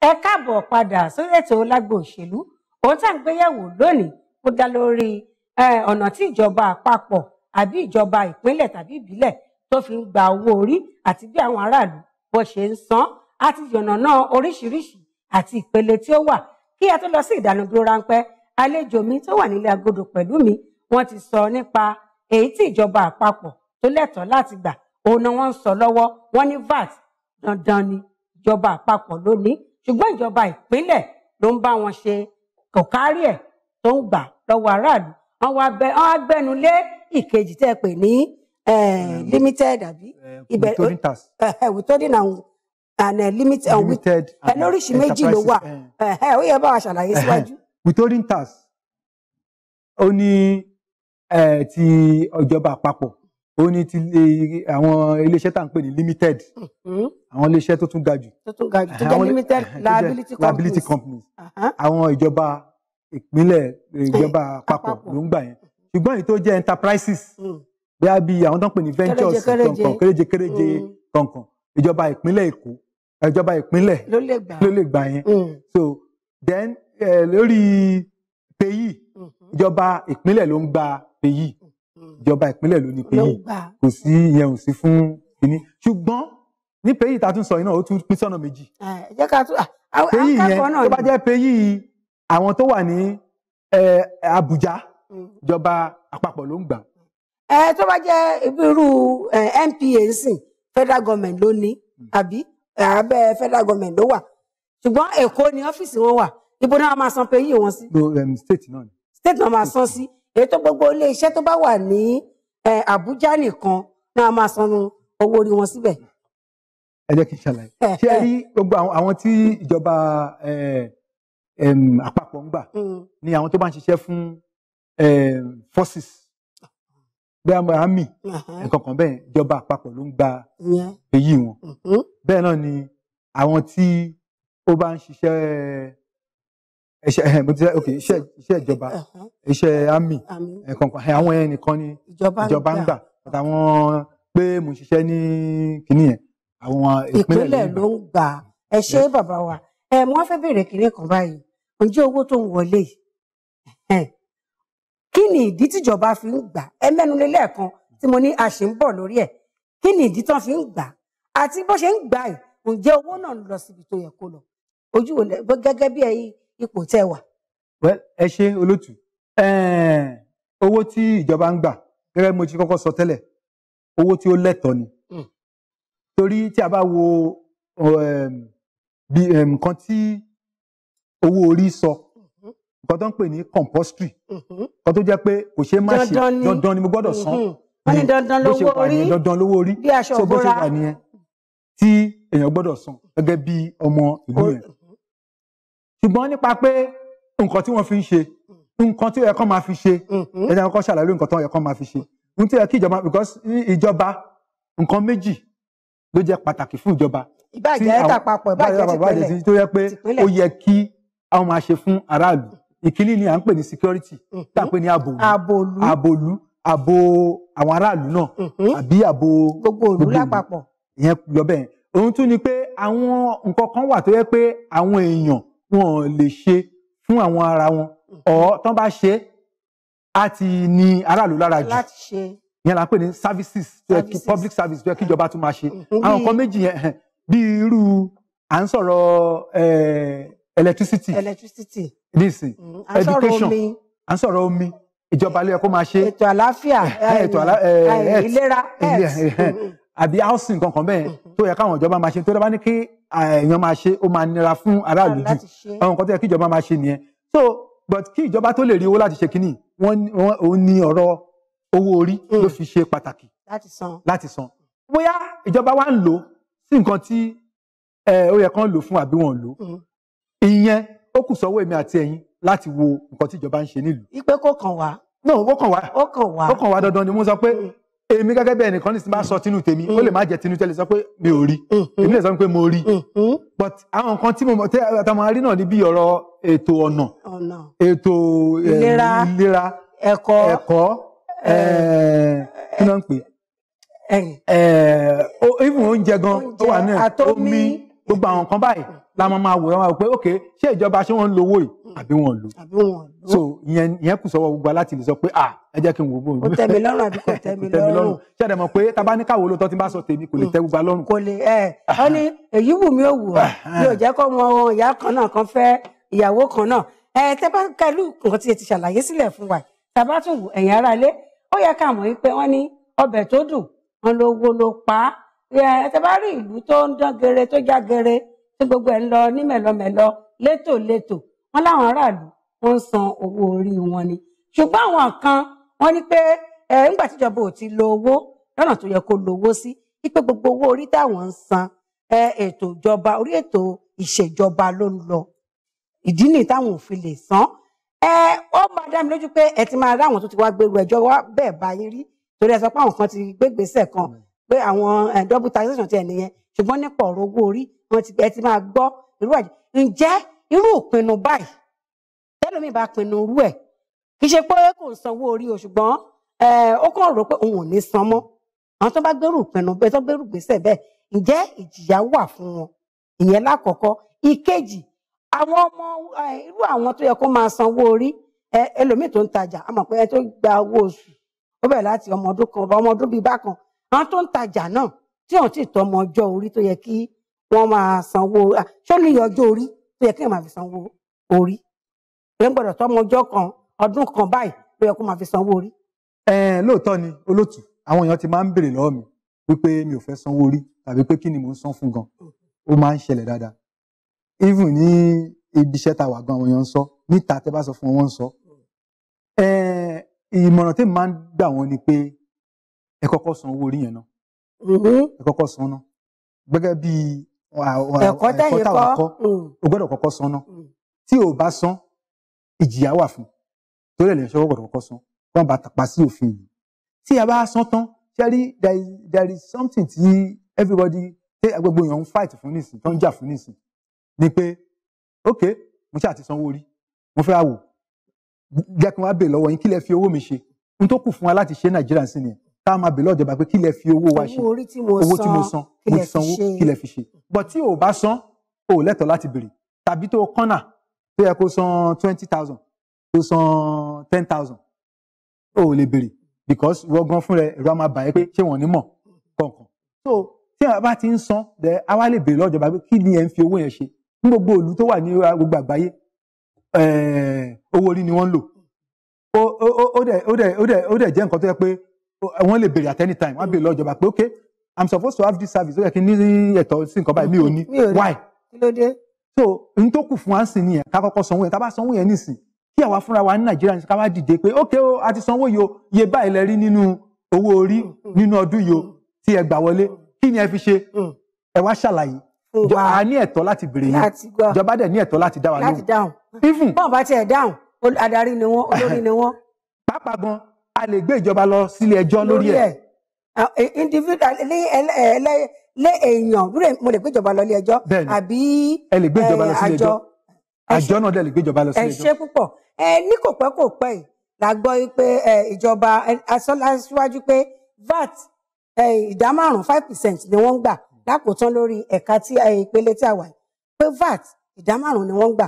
ẹ káàbọ̀ padà sórí ètò lágbo òṣèlú òun tá à ń gbéyẹ̀wò lónìí ó dá lórí ọ̀nà tí ìjọba àpapọ̀ àbí ìjọba ìpínlẹ̀ tàbí ìbílẹ̀ tó fi ń gba owó orí àti bí àwọn aráàlú bó ṣe ń san àti yànnàná oríṣiríṣi àti ìpele tí ó wà kí a tó lọ sí ìdánudúró ráńpẹ́ àlejò mi tó wà nílé agodo pẹ̀lú mi wọ́n ti sọ nípa èyí tí ìjọba àpapọ̀ tó lẹ́tọ̀ọ́ láti gbà òun náà wọ́n ń sọ lọ́wọ́ wọ́n ní VAT dandan ni ìjọba àpapọ̀ lónìí ṣùgbọ́n ìjọba ìpínlẹ̀ ló ń bá wọn ṣe kò kárí ẹ̀ tó ń gbà lọ́wọ́ aráàlú wọn wá bẹ wọn á gbẹnu lé ìkejì tẹ́ ẹ pè ní limited àbí eh, ibẹ̀ eh, eh, withholding and and limited and limited ẹ lóríṣìí méjì ló wà ó yẹ bá wa ṣàlàyé síwájú. withholding tax ó ní ti ìjọba àpapọ̀ ó ní ti àwọn iléeṣẹ́ tá à ń pè ní limited mm-hmm. àwọn iléeṣẹ́ tó tún ga jù tó tún ga jù tó jẹ́ limited liability companies uh-huh. àwọn ìjọba ìpínlẹ̀ ìjọba àpapọ̀ ló ń gbà yẹn ṣùgbọ́n èyí tó jẹ́ enterprises mm. bí a bí àwọn tó ń pè ní ventures kọ̀ọ̀kan kéréje kéréje kọ̀ọ̀kan mm. ìjọba ìpínlẹ̀ Èkó ìjọba ìpínlẹ̀ ló lè gbà yẹn mm. so then eh, lórí payee mm-hmm. ìjọba ìpínlẹ̀ ló ń gba payee Hmm. ìjọba ìpínlẹ̀ ló ní pé yìí kò sí ìyẹn ò sí fún kínní ṣùgbọ́n ní péyì tá a tún sọ yìí náà ó tún pín sọ́nà méjì. péyì yẹn tó bá jẹ́ péyì àwọn tó wà ní Àbújá hmm. ìjọba àpapọ̀ ló ń gbà. ẹ tó bá jẹ́ irú NPA nsìn federal government ló ní hmm. àbí abẹ́ federal government ló wà ṣùgbọ́n Èkó ni ọ́fíìsì wọn wà ibo náà máa san péyì wọn sí. Um, state náà ni. state náà máa san sí. Si ètò gbogbo ilé iṣẹ́ tó bá wà ní Àbújá nìkan náà máa san owó orí wọn síbẹ̀. ẹ jẹ́ kí n ṣàlàyé ṣé ẹ rí gbogbo àwọn tí ìjọba àpapọ̀ ń gbà hmm. ni àwọn tó bá ń ṣiṣẹ́ fún forces bẹ́ẹ̀ mọ àmì nǹkan kan bẹ́ẹ̀ ìjọba àpapọ̀ ló ń gba èyí wọn mm-hmm. bẹ́ẹ̀ náà ni àwọn tí ó bá ń ṣiṣẹ́ iṣẹ́ eh, mo ti sẹ ok iṣẹ́ iṣẹ́ ìjọba uh-huh. iṣẹ́ army eh, kankan eh, àwọn yẹn ni ìjọba ń gbà àtàwọn pé mo ṣiṣẹ́ ní kinní yẹn àwọn ìpínlẹ̀ ló ń gbà ẹ ṣe bàbá wa ẹ mo wá fẹ́ bèrè kinní kan báyìí ǹjẹ́ owó tó ń wọlé kí ni ìdí tíjọba fi ń gbà ẹ mẹ́nu lé lẹ́ẹ̀kan tí mo ní a ṣì ń bọ̀ lórí ẹ̀ kí ni ìdí tán fi ń gbà àti bó ṣe ń gbà yìí ǹjẹ́ owó náà ń lọ síbi tó yẹ kó lọ ojú wo gẹ́gẹ́ bí ẹ̀yin ipò tẹ́ wà. well ẹ ṣe olótù owó tí ìjọba ń gbà gẹ́gẹ́ bí mo ti kọ́kọ́ sọ tẹ́lẹ̀ owó tí ó lẹ́tọ̀ọ́ ni hmm. torí tí a bá wo nǹkan tí owó orí sọ hmm. nǹkan tó ń pè ní compostry hmm. nǹkan tó jẹ́ pé kò ṣeé má ṣe dandan ni mo gbọ́dọ̀ san wọ́n ní dandan lówó dandan lówó orí bí aṣọ òbóra tí èèyàn gbọ́dọ̀ san gẹ́gẹ́ bí ọmọ ìlú yẹn ṣùgbọ́n nípa pé nǹkan tí wọ́n fi ń ṣe nǹkan tí ó yẹ kán máa fi ṣe ẹ̀jẹ̀ àwọn kan ṣàlàyé nǹkan tó yẹ kán máa fi ṣe ohun tí ó yẹ kí ìjọba because ìjọba nǹkan méjì ló jẹ́ pàtàkì fún ìjọba. ìbàjẹ́ tàpapọ̀ ìbàjẹ́ tìpínlẹ̀ tó yẹ pé ó yẹ kí àwọn máa ṣe fún aráàlú mm-hmm. ìkíní ni à ń pè ní security mm-hmm. tá à ń pè ní àbòlú àbòlú àbò àwọn aráàlú náà mm-hmm. àbí àbò gbogbo òlú lápapọ̀ ìyẹn lọ bẹ́ẹ̀ ohun tún ni pé àwọn nǹkan kan wà tó yẹ pé àwọn èèyàn wọn ò lè ṣe fún àwọn ara wọn ọ̀ mm-hmm. tán bá ṣe á ti ní aráàlú lára jù yẹn la ń pè ní services public service tó yẹ kíjọba tún máa ṣe mm-hmm. àwọn nǹkan méjì yẹn bí irú à ń sọ̀rọ̀ electricity nísìn mm-hmm. education à ń sọ̀rọ̀ omi ìjọba ló yẹ máa ṣe ètò àlàáfíà ètò ìlera health àbí housing kankan bẹ́ẹ̀ mm-hmm. tó yẹ káwọn ìjọba máa ṣe tó dábàá ní kí èèyàn máa ṣe ó máa nira fún aráàlú jù àwọn nǹkan tó yẹ kí ìjọba máa ṣe nìyẹn so but kí ìjọba tó lè rí owó láti ṣe kínní wọn ò ní ọ̀rọ̀ owó orí mm. ló fi ṣe pàtàkì láti san bóyá ìjọba wa ń lò sí nǹkan tí ó yẹ kán lò fún àbí wọn lò mm. ìyẹn ó kù sọ́wọ́ èmi àti ẹ̀yin láti wo nǹkan tí ìjọba ń ṣe nílùú. ipe kò kàn wá. ó kàn wá ó kàn wá dandan ni mo sọ pé mm èmi gẹ́gẹ́ bẹ́ẹ̀ nìkan ní sinmi bá sọ tinú tèmi ó lè má jẹ́ tinú tẹ́lẹ̀ sọ pé mi ò rí mm-hmm. èmi lè sọ pé mo rí mm-hmm. but àwọn nǹkan tí mo mọ̀ táwọn arí náà ní bí ọ̀rọ̀ ètò ọ̀nà ètò eh, ìlera ẹ̀kọ́ ẹ̀kọ́ eh, eh, kí ló ń pè é even oúnjẹ gan tó wà náà omi gbogbo àwọn nǹkan báyìí la máa máa wò ẹ pé ok ṣé ìjọba ṣé wọn ń lo owó yìí hmm. àbí wọn lò so ìyẹn ìyẹn kù sọ́wọ́ gbogbo láti lè sọ pé ah ẹ jẹ́ kí n wò ó bò ó tẹ́ mi lọ́rùn àbí kò tẹ́ mi lọ́rùn ṣé ẹdẹ mọ̀ pé tábà ní káwọ lóòótọ́ tí n bá sọ tèmi kò lè hmm. tẹ́ gbogbo lọ́rùn. kò lè ẹ ọ ní èyí wù mí ò wù ọ mi ò jẹ́ kó mọ ìyá kan náà kan fẹ́ ìyàwó kan náà ẹ tẹ́ bá kẹlú nǹkan tí ẹ ti ṣàlàyé sílẹ̀ fún wa tàbá tún wù ẹ̀yin aráalé pa ẹ tẹ bá rí ìlú tó ń dán gere tó já gere tí gbogbo ẹ ń lọ ní mẹ̀lọmẹ̀lọ létòlétò wọn láwọn aráàlú wọn ń san owó orí wọn ni ṣùgbọ́n àwọn kan wọn ní pé ẹ ńgbà tíjọba ò ti lo owó lọ́nà tó yẹ kó lo owó sí wípé gbogbo owó orí táwọn ń san ẹ ètò ìjọba orí ètò ìṣèjọba ló ń lọ ìdí nìyí táwọn ò fi lè san ẹ ó máa dá mi lójú pé ẹ ti máa rí àwọn tó ti wá gbèrú ẹjọ́ wá bẹ́ẹ̀ báyìí rí torí ẹ sọ pé àwọn kan ti gbégbèsè kan hmm pé àwọn eh, double taxation ti ẹ̀ nìyẹn ṣùgbọ́n nípa ọ̀rọ̀ owó orí wọn ti ẹ ti máa gbọ́ irú ẹ̀ ǹjẹ́ irú ìpinnu báyìí tẹ́lómi bá pinnu irú ẹ̀ kì í ṣe pé kò ń sanwó orí o ṣùgbọ́n eh, ó kàn rò pé òun ò ní san mọ́ àwọn tó bá gbèrú ìpinnu bẹ́ẹ̀ tó gbèrú gbèsè bẹ́ẹ̀ ǹjẹ́ ìjìyà wà fún wọn ìyẹn lákọ̀ọ́kọ́ ìkejì àwọn ọmọ eh, irú àwọn tó yẹ kó máa sanwó orí ẹlòmíì tó ń tajà àmọ́ pé ẹ tó gba owó oṣù ó bẹ̀rẹ̀ láti ọmọ ọdún kan ọmọ ọdún bíi bákan àwọn tó ń tajà náà tí wọn ti tọmọ ọjọ́ orí tó yẹ kí wọn máa sanwó ṣó ní ọjọ́ orí tó yẹ kí wọn máa fi sanwó orí èèyàn gbọ́dọ̀ tọmọ ọjọ́ kan ọdún kan báyìí tó yẹ kó máa fi sanwó orí. ẹ lóòótọ́ ni olóòtú àwọn èèyàn ti máa ń béèrè lọ́wọ́ mi wípé mi ò fẹ́ sanwó orí tàbí pé kí ni mò ń san fún gan ó máa ń ṣẹlẹ̀ dáadáa even ní ibi iṣẹ́ tá a wà gan àwọn èèyàn ń sọ níta tẹ́ bá sọ fún wọn wọ́n ń sọ ìmọ̀ràn tèmi máa ẹ kọ́kọ́ san owó orí yẹn náà mm-hmm. ẹ kọ́kọ́ san náà gẹ́gẹ́ bí ẹ̀kọ́ táwọn akọ́ mm. o gbọ́dọ̀ kọ́kọ́ san náà mm. tí o bá san ìjìyà wà fún torí ẹ̀lẹ́yìn ṣọwọ́ gbọ́dọ̀ kọ́kọ́ san wọ́n bá tàpá sí òfin yìí tí a bá san tán ṣẹ́rí there is something tí everybody ṣé gbogbo èèyàn ń fight fún nísìn tó ń jà fún nísìn ni pé ok mo ṣáà ti sanwó orí mo fẹ́ wá wò jẹ́ kí n wá bèè lọ́wọ́ yín kí lẹ fi owó mi ṣe n tó kù fún wa láti ṣe Nàìjíríà sí nìyẹn ká máa bèèrè lọ́jọba pé kí lẹ fi owó wa ṣe owó tí mo san mo ti sanwó kí lẹ fi ṣe but tí o bá san o ò lẹ́tọ̀ọ́ láti bèrè tàbí tó kọ́nà tó yẹ kó san twenty thousand tó san ten thousand o ò lè bèrè because wọ́gán fún rẹ ẹ̀rọ máa bà ẹ́ pé ṣé wọ́n ní mọ̀ kọ̀ọ̀kan so tí a bá ti ń san dẹ a wá lè bèrè lọ́jọba pé kí ni ẹ̀ ń fi owó yẹn ṣe ní gbogbo ìlú tó wà ní gbogbo àgbáyé eh, owó orí ni wọ́n ń lò ó dẹ̀ jẹ́ nǹkan tó yẹ pé wọ́n lè béèrè at any time wọ́n béèrè lọ́wọ́ ìjọba pé ok i'm supposed to have this service ó yẹ kí n ní ẹ̀tọ́ sí nǹkan báyìí mi ò ní why. so n tó kù fún wa ń sìn nìyẹn ká kọ́kọ́ sanwó yẹn ká bá sanwó yẹn nísìn kí àwa fúnra wa ní nàìjíríà ní ká wá dìde pé ok o a ti sanwó yìí o iye báyìí lẹ rí nínú owó orí nínú ọdún yìí o tí ẹ gbà wọlé kí ni ẹ fi ṣe mm. ẹ wá ṣàlàyé a ní ẹ̀tọ́ láti béèrè yẹn ìjọba dẹ̀ ní ẹ̀tọ́ láti dá wa lóhùn. láti dáhùn bọ́ọ̀ bá tiẹ̀ dáhùn olórí ni wọ́n. pàápàá gan a lè gbé ìjọba lọ sílé ẹjọ́ lórí ẹ̀. individual ní lé èèyàn mo lè gbé ìjọba lọ sílé ẹjọ́ àbí àjọ àjọ náà dẹ̀ lè gbé ìjọba lọ sílé ẹjọ́. ẹ ṣe púpọ̀ ẹ ní kò pẹ́ kò pẹ́ yìí la gbọ́ pé ìjọba aṣáájú pé VAT ìdá márùn-ún five percent ni wọ́n ń gbà lákòótán lórí ẹ̀ka tí ìpele tí a wà pé VAT ìdá márùn-ún ni wọ́n ń gbà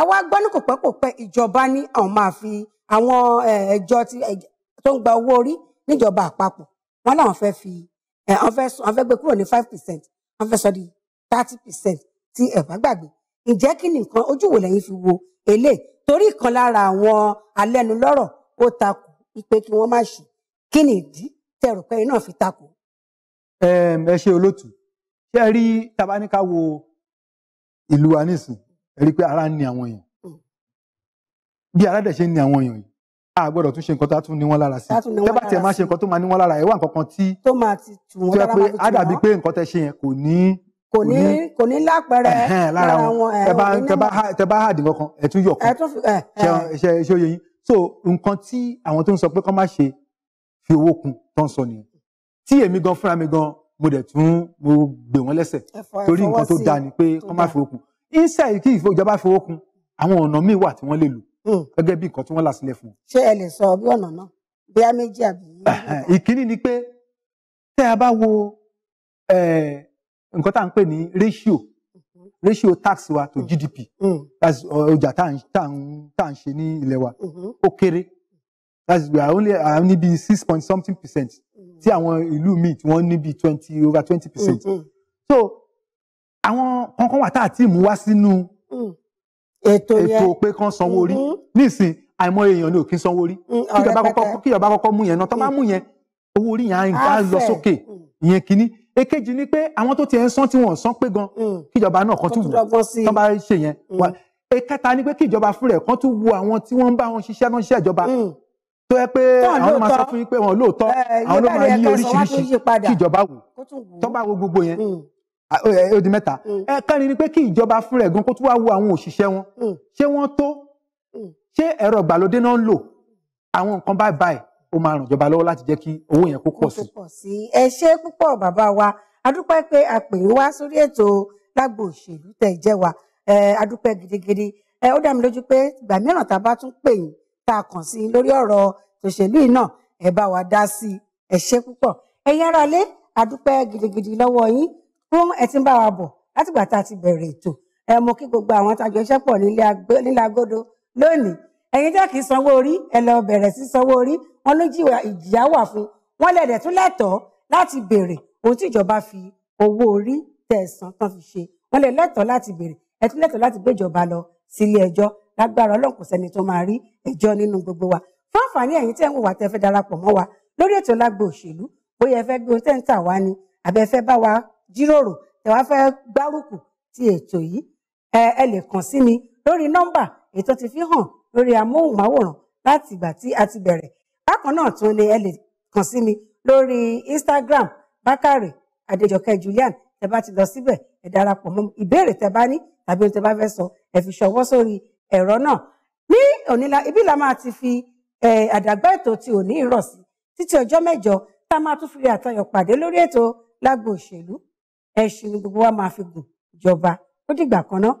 àwa gbọ́ ní kò pẹ́ kò pẹ́ ìjọba ní àwọn máa fi àwọn ẹjọ́ ti tó ń gba owó orí níjọba àpapọ̀ wọn làwọn fẹ́ fi wọn fẹ́ wọn fẹ́ gbé kúrò ní five percent wọn fẹ́ sọ di thirty percent tí ẹ bá gbàgbé ǹjẹ́ kí ni nǹkan ojú wo lẹ́yìn fi wo eléyìí torí kan lára àwọn alẹ́nulọ́rọ̀ ó takò pé kí wọ́n má ṣe kí ni ìdí tẹ̀rù pé iná fi takò. ẹ ṣe olóòtú ṣé ẹ rí tabaníkà wo ìlú wa nísìn ẹ rí i pé ara ń ni àwọn èèyàn hmm. bí ara dẹ̀ ṣe ń ni àwọn èèyàn yìí a gbọ́dọ̀ tún ṣe nǹkan tó tún ní wọn lára sí tẹ bá tiẹ̀ máa ṣe nǹkan tó máa ní wọn lára ẹ wá nǹkan kan tí tó máa ti tù wọn lára máa fi tù wọn tó yẹ pé á dàbí pé nǹkan tẹ ṣe yẹn kò ní kò ní kò ní lápẹẹrẹ lára wọn tẹ eh, bá hàdì kankan ẹ tún yọ kan ṣe ṣe oyè yín so nǹkan tí àwọn tó ń sọ pé kán má ṣe fi owó kun tó ń sọ nìyẹn tí èmi gan fúnra mi gan mo dẹ̀ tún mo gbè wọ́n lẹ́sẹ̀ torí nǹkan tó dáa ni pé kán má fi owó kun inside kí ìjọba fi owó kun àwọn ọ̀nà míì wà tí wọ́n lè lò Hmm. gẹ́gẹ́ bí nǹkan tí wọ́n là sílẹ̀ fún. ṣé ẹ lè sọ bí ọ̀nà náà bí a méjì àbí. ìkíní ni pé tẹ́ a bá wo nǹkan tá à ń pè ní ratio mm-hmm. ratio tax wa to mm. GDP mm. that's uh, ọjà tá à ń ṣe ní ilẹ̀ wa mm-hmm. ó kéré that's we are only a ní bí six point something percent mm. tí àwọn ìlú míì tí wọ́n ní bí twenty over twenty percent mm-hmm. so àwọn kankan wà tá à ti mú wá sínú ètò ètò pé kán sanwó orí mm-hmm. nísìn àìmọye èèyàn ni ò kí sanwó orí kí mm, ìjọba kọ́kọ́ mú yẹn náà tó bá mú yẹn owó orí yẹn á lọ sókè mm. ìyẹn kínní èkejì ni pé àwọn tó ti ẹ̀ ń san tí wọ́n ń san pé gan mm. kí ìjọba náà kan tún wò tó bá ṣe yẹn ẹ̀kẹta ni pé kí ìjọba fúnra ẹ̀ kan tún wo àwọn tí wọ́n ń bá wọn ṣiṣẹ́ náà ṣiṣẹ́ ìjọba tó yẹ pé àwọn máa sọ fún yín pé wọn lóòótọ́ eh, àwọn ló máa yí oríṣiríṣi kí ìjọba wò bá wo gbogbo yẹn Ah, eh, ó di mẹ́ta mm. ẹ̀ẹ̀kẹrin ni pé kí ìjọba fúnra ẹ̀ gan kó tún wá wo àwọn òṣìṣẹ́ wọn mm. ṣé wọ́n tó mm. ṣé ẹ̀rọ ìgbàlódé náà ń lò àwọn nǹkan báyìí báyìí ó máa ràn ìjọba lọ́wọ́ láti jẹ́ kí owó yẹn kó pọ̀ sí. ẹ ṣé púpọ̀ bàbá wa adúpẹ́ pé a pè é wá sórí ètò lágbo òṣèlú tẹ̀ jẹ́ wa adúpẹ́ gidigidi ó dá mi lójú pé ìgbà mìíràn tá a bá tún pè yín tá a kàn sí lórí ọ̀rọ̀ tòṣèlú yìí náà ẹ bá wa dá sí i ẹ ṣé púpọ̀ ẹ̀yin aráalé adúpẹ́ gidigidi lọ́wọ́ yín fún ẹ tí ń bá wa bọ̀ látìgbà tá a ti bẹ̀rẹ̀ ètò ẹ mú kí gbogbo àwọn tá a jọ iṣẹ́ pọ̀ nílé agodo lónìí ẹ̀yin tẹ́ kì í sanwó orí ẹ lọ bẹ̀rẹ̀ sí sanwó orí wọn ló jìyà ìjìyà wà fún wọn lẹ̀dẹ̀ tún lẹ́tọ̀ọ́ láti béèrè ohun tí ìjọba fi owó orí tẹ̀sán tán fi ṣe wọn lè lẹ́tọ̀ọ́ láti béèrè ẹ tún lẹ́tọ̀ọ́ láti gbéjọba lọ sílé ẹjọ́ lágbára ọlọ́run tó máa rí ẹjọ́ nínú gbogbo wa fún àǹfààní ẹ̀yin tẹ́ ń wò tẹ́ fẹ́ darapọ̀ mọ́ wa lórí ètò lágbo òṣèlú bóyá ẹ fẹ́ gbé ohun tẹ́ ń tà wá ni àbẹ́ bá wa jíròrò tẹ́ wá fẹ́ gbárùkù ti ètò yìí ẹ lè kàn sí mi lórí nọ́mbà ètò ti fi hàn lórí amóhùnmáwòrán láti ìgbà tí a ti bẹ̀rẹ̀ bákan náà tún ni ẹ lè kàn sí mi lórí Instagram Bákàrè Adéjọkẹ́ Julian tẹ́ bá ti lọ síbẹ̀ ẹ darapọ̀ mọ́ ìbéèrè tẹ́ bá ní tàbí ohun tẹ́ bá fẹ́ sọ ẹ fi ṣọwọ́ sórí ẹ̀rọ náà ní òníla ibi la máa ti fi àdàgbà ètò ti òní ìrọ̀sí títí ọjọ́ mẹ́jọ tá a máa tún fi rí pàdé lórí ètò lágbo òṣèlú ẹṣin ni gbogbo wa máa fi gùn jọba ó dìgbà kan náà.